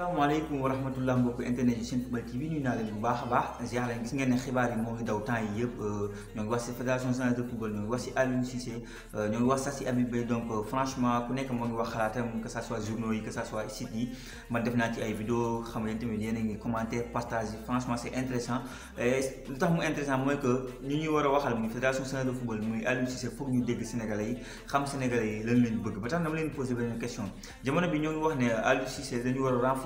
alaykum wa rahmatullah mbokk internet yi seen football TV ñu naa leen bu baax a baax ziar leen gis ngeen ne xibaar yi moo ngi daw temps yi yëpp euh, ñoo ngi wax si fédération sénégalaise de football ñoo ngi wax si Aliou Cissé euh, ñoo ngi wax sax si Habib Beye donc euh, franchement ku nekk moo ngi wax xalaatam que ça soit journaux yi que ça soit site yi man def naa ci ay vidéo xam ngeen tamit yéen a ngi commenté partage yi franchement c' est intéressant lu tax mu intéressant mooy que ñu ñuy war a waxal muy fédération sénégalaise de football muy Aliou Cissé foog ñu dégg sénégalais yi xam sénégalais yi lan lañ bëgg ba tax dama leen poser benn question jamono bi ñoo ngi wax ne Aliou Cissé dañu war a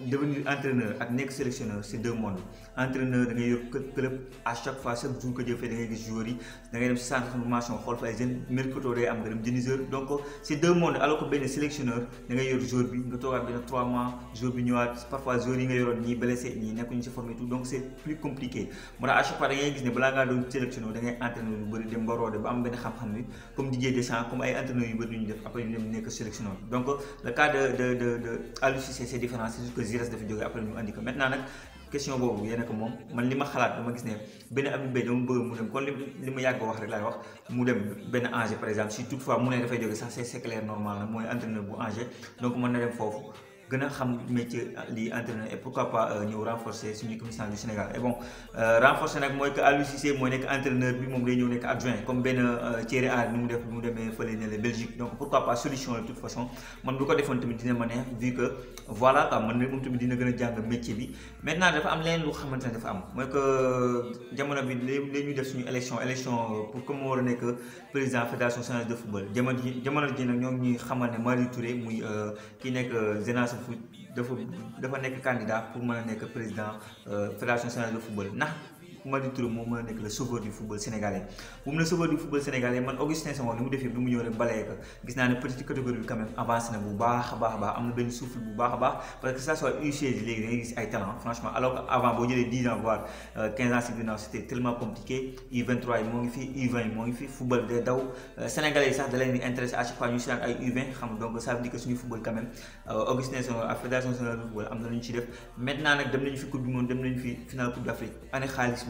devenir entraîneur ak nekk sélectionneur c'est deux mondes entraîneur da yor club à chaque fois chaque jour que jëfee da gis joueurs yi da dem sélectionneur donc c'est plus compliqué moo tax chaque fois da gis ne balaa ngaa doon sélectionneur da ngay entraîneur yu dem ba roode ba am benn xam-xam bi comme Didier Deschamps comme ay entraîneurs yu bëri ñu def après ñu dem nekk sélectionneur donc le cas de de de de Aliou Cissé c'est Zirès dafa jógee après ñu andi ko maintenant nag question boobu yéen a ko moom man li ma xalaat dama gis ne benn Habib Beye dama bëgg mu dem kon li li ma yàgg wax rek laay wax mu dem benn Angers par exemple si toutefois mu ne dafay jógee sax c'est clair normal na mooy entraîneur bu Angers donc mën na dem foofu gëna xam métier ah, li entraîneur et pourquoi pas euh, ñëw renforcer suñu commission du Sénégal et bon euh, renforcer nag mooy que Aliou Cissé mooy nekk entraîneur bi moom day ñëw nekk adjoint comme benn euh, Thierry Henry ni mu def bi mu demee fële ne la Belgique donc pourquoi pas solution de toute façon man bu ko defoon tamit dina ma neex vu que voilà ah, man moom tamit dina gën a jàng métier bi maintenant dafa am leneen lu xamante ne dafa am mooy que jamono bi li ñu def suñu élection élection pour que mu war a nekk président fédération sénégal de football jamono ji jamono ji nag ñoo ñuy xamal ne Marie Touré muy kii nekk génération Mansour Fodj dafa dafa nekk candidat pour mën a nekk président euh, fédération sénégalaise de football ndax Madi Touré moo mën a nekk le sauveur du football sénégalais bu le sauveur du football sénégalais man Augustin Senghor ni mu def yëpp mu ñëw rek balayee ko gis naa ne petite catégorie bi quand même avancé na bu baax a baax a baax am na benn souffle bu baax a baax parce que ça soit une chaise léegi da ngay gis ay talent franchement alors que avant boo jëlee 10 ans voire 15 euh, ans si ginnaaw c'était tellement compliqué U23 yi moo ngi fi U20 yi moo ngi fi football day daw euh, sénégalais yi sax da leen di intéressé à chaque fois ñu si naan ay U20 xam donc ça veut dire que suñu football quand même euh, Augustin Senghor ak fédération sénégalaise wala am na lu ci def maintenant nag dem nañu fi coupe du monde dem nañu fi finale coupe d'Afrique année xaalis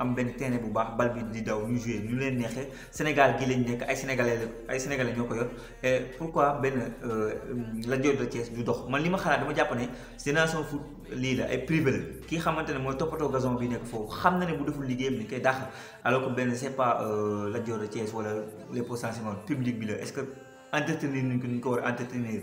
am ben terrain bu baax bal bi di daw ñu joué ñu leen neexee Sénégal gi lañ nekk ay sénégalais ay sénégalais ñoo ko yor et pourquoi benn euh, la Dior de Thiès du dox man li ma xalaat dama jàpp ne Génération Foot lii la ay privé la ki nga xamante ne mooy toppatoo gazon bi nekk foofu xam na ne bu deful liggéeyam ni koy dàq alors que benn c'est pas euh, la Dior de Thiès wala les postes public bi la est-ce que entretenir ni ñu ko war a entretenir.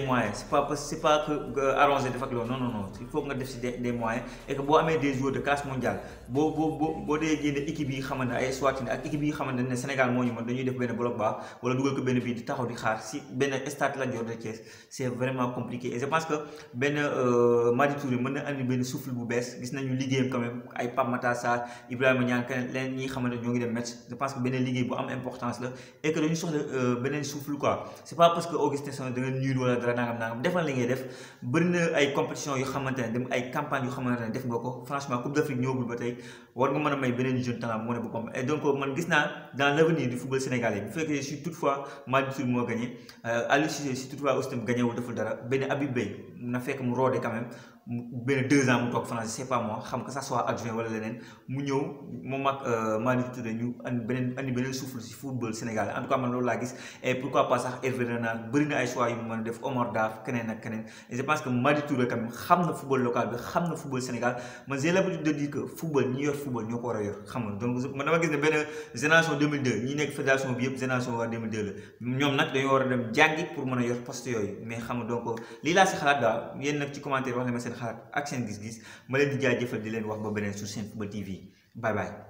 des moyens c'est pas parce c'est pas que arrangé dafa ak non non non il faut que def si des moyens et que boo amee des joueurs de classe mondiale boo boo boo boo dee génne équipe yi xamante ay Eswatini ak équipe yi xamante ne Sénégal moo ñu mën dañuy def benn bloc baax wala dugal ko benn bii di taxaw di xaar si benn stade la Dior de Thiès c'est vraiment compliqué et je pense que ben benn euh, Madi Touré mën na andi benn souffle bu bees gis nañu liggéeyam quand même ay Pape Matar Sarr Ibrahima Niang keneen leneen ñi xamante ñoo ngi dem match je pense que benn liggéey bu am importance la et que dañu soxla euh, beneen souffle quoi c'est pas parce que Augustin Senghor da nga ñuul defal nangam nangam defal li ngay def bëri na ay compétition yu xamante ne dem ay campagne yu xamante ne def nga ko franchement Coupe d'Afrique ñëwagul ba tey war nga mën a may beneen jeune talent moo ne bu ko et donc man gis naa dans l'avenir du football sénégalais bu fekkee si toutefois Malick Sow moo gagné euh, Aliou Cissé si toutefois aussi tam gagné wu deful dara benn Habib Beye a fekk mu roode quand ben deux ans mon toog français c'est pas moi xam que ça soit adjoint wala leneen mu ñëw moom ak tout de nous andi beneen andi beneen souffle si football sénégalais en tout cas man loolu gis et pourquoi pas sax Hervé Renard bëri na ay choix yu mu mën def Omar Daf keneen ak keneen et je pense que Malick tout quand même ham le football local bi xam football Sénégal mais j'ai l'habitude de dire que football ñi yor football ñoo war a yor xam donc man dama gis ne benn génération 2002 ñi que fédération bi yëpp génération 2002 la ñoom nag dañoo war a dem pour mon a yor poste mais xam donc lii laa si xalaat daal yéen nag ci commentaire wax na ma xalaat ak seen gis-gis ma leen di jaajëfal di leen wax ba beneen sur ba TV bye bye.